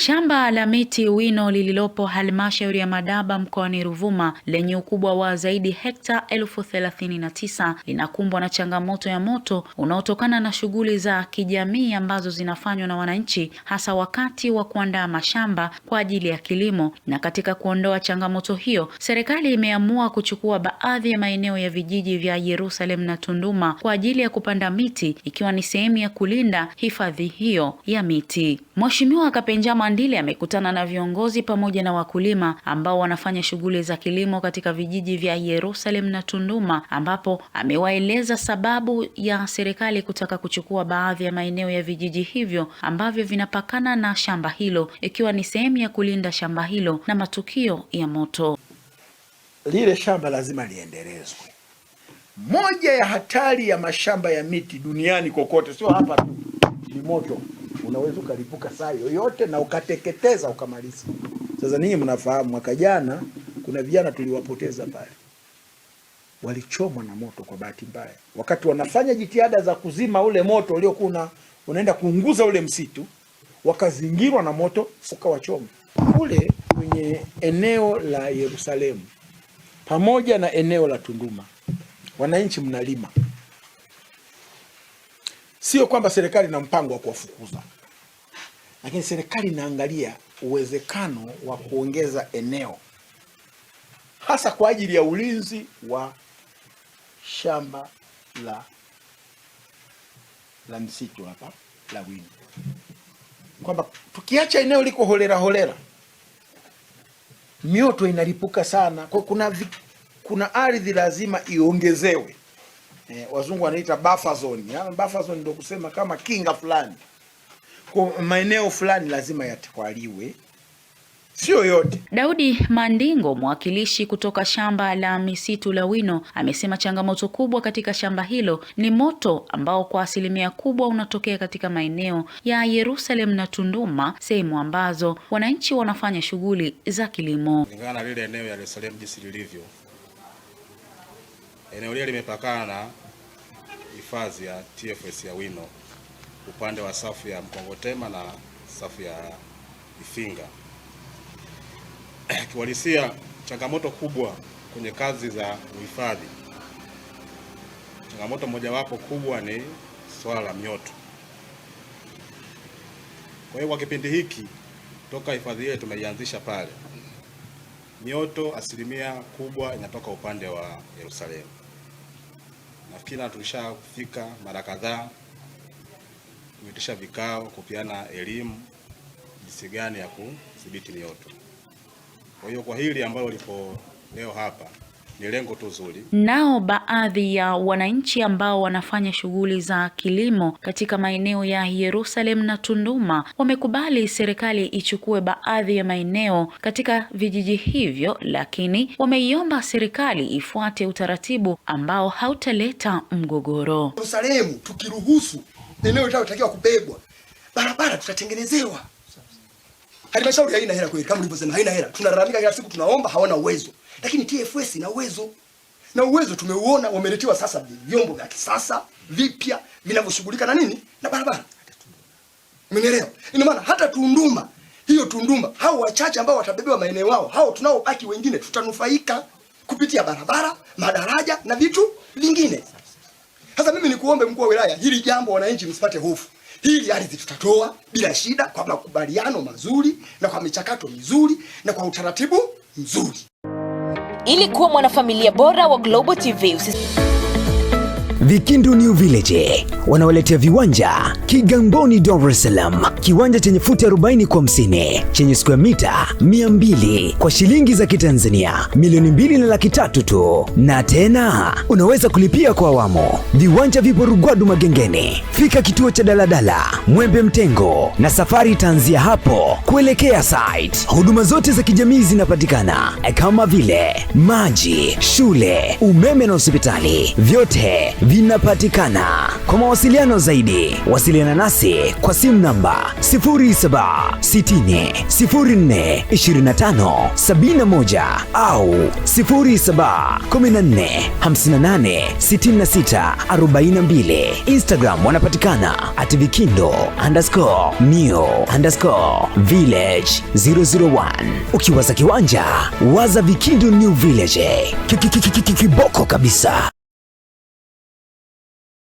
Shamba la miti wino lililopo halmashauri ya Madaba mkoani Ruvuma lenye ukubwa wa zaidi hekta elfu thelathini na tisa linakumbwa na changamoto ya moto unaotokana na shughuli za kijamii ambazo zinafanywa na wananchi hasa wakati wa kuandaa mashamba kwa ajili ya kilimo. Na katika kuondoa changamoto hiyo, serikali imeamua kuchukua baadhi ya maeneo ya vijiji vya Yerusalemu na Tunduma kwa ajili ya kupanda miti ikiwa ni sehemu ya kulinda hifadhi hiyo ya miti. Mheshimiwa Kapenjama Mwandile amekutana na viongozi pamoja na wakulima ambao wanafanya shughuli za kilimo katika vijiji vya Yerusalem na Tunduma ambapo amewaeleza sababu ya serikali kutaka kuchukua baadhi ya maeneo ya vijiji hivyo ambavyo vinapakana na shamba hilo ikiwa ni sehemu ya kulinda shamba hilo na matukio ya moto. Lile shamba lazima liendelezwe. Moja ya hatari ya mashamba ya miti duniani kokote, sio hapa tu, ni moto unaweza ukalipuka saa yoyote na ukateketeza ukamaliza. Sasa ninyi mnafahamu, mwaka jana kuna vijana tuliwapoteza pale, walichomwa na moto kwa bahati mbaya, wakati wanafanya jitihada za kuzima ule moto uliokuwa unaenda kuunguza ule msitu, wakazingirwa na moto ukawachoma kule kwenye eneo la Yerusalemu pamoja na eneo la Tunduma. Wananchi mnalima, sio kwamba serikali ina mpango wa kuwafukuza lakini serikali inaangalia uwezekano wa kuongeza eneo hasa kwa ajili ya ulinzi wa shamba la la msitu hapa la Wino, kwamba tukiacha eneo liko holela holela, mioto inalipuka sana. Kwa kuna vi, kuna ardhi lazima iongezewe. Eh, wazungu wanaita buffer zone. buffer zone ndio kusema kama kinga fulani kwa maeneo fulani lazima yatwaliwe, Sio yote. Daudi Mandingo, mwakilishi kutoka shamba la misitu la Wino, amesema changamoto kubwa katika shamba hilo ni moto ambao kwa asilimia kubwa unatokea katika maeneo ya Yerusalemu na Tunduma, sehemu ambazo wananchi wanafanya shughuli za kilimo. Kulingana na lile eneo ya Yerusalemu jinsi lilivyo, eneo lile limepakana na hifadhi ya TFS ya Wino upande wa safu ya Mkongotema na safu ya Ifinga. kiwalisia changamoto kubwa kwenye kazi za uhifadhi, changamoto mojawapo kubwa ni swala la mioto. Kwa hiyo kwa kipindi hiki toka hifadhi ile tumeianzisha pale, mioto asilimia kubwa inatoka upande wa Yerusalemu. Nafikiri tulishafika mara kadhaa kuitisha vikao, kupeana elimu jinsi gani ya kudhibiti mioto. Kwa hiyo kwa hili ambalo lipo leo hapa ni lengo tu zuri. Nao baadhi ya wananchi ambao wanafanya shughuli za kilimo katika maeneo ya Yerusalemu na Tunduma wamekubali serikali ichukue baadhi ya maeneo katika vijiji hivyo, lakini wameiomba serikali ifuate utaratibu ambao hautaleta mgogoro. Yerusalemu tukiruhusu eneo linalotakiwa kubebwa, barabara tutatengenezewa. Halmashauri haina hela kweli, kama ulivyosema, haina hela. Tunalalamika kila siku, tunaomba, hawana uwezo, lakini TFS ina uwezo na uwezo tumeuona. Wameletewa sasa vyombo vya kisasa vipya vinavyoshughulika na nini na barabara, umenielewa? Ina maana hata Tunduma hiyo Tunduma, hao wachache ambao watabebewa maeneo yao, hao tunaobaki wengine tutanufaika kupitia barabara, madaraja na vitu vingine. Sasa mimi nikuombe mkuu wa wilaya, hili jambo wananchi msipate hofu. Hili ardhi tutatoa bila shida, kwa makubaliano mazuri na kwa michakato mizuri na kwa utaratibu mzuri, ili kuwa mwanafamilia bora wa Global TV. Vikindu New Village wanawaletea viwanja Kigamboni, Dar es Salaam, kiwanja chenye futi 40 kwa 50 chenye square mita 200 kwa shilingi za Kitanzania milioni mbili na laki tatu tu, na tena unaweza kulipia kwa awamu. Viwanja vipo Rugwadu Magengeni, fika kituo cha daladala Mwembe Mtengo na safari itaanzia hapo kuelekea site. Huduma zote za kijamii zinapatikana kama vile maji, shule, umeme na hospitali, vyote vinapatikana. Kwa mawasiliano zaidi, wasiliana nasi kwa simu namba 0760042571 au 0714586642. Instagram wanapatikana at vikindo underscore new underscore village 001. Ukiwaza kiwanja waza Vikindo New Village, kiboko kabisa.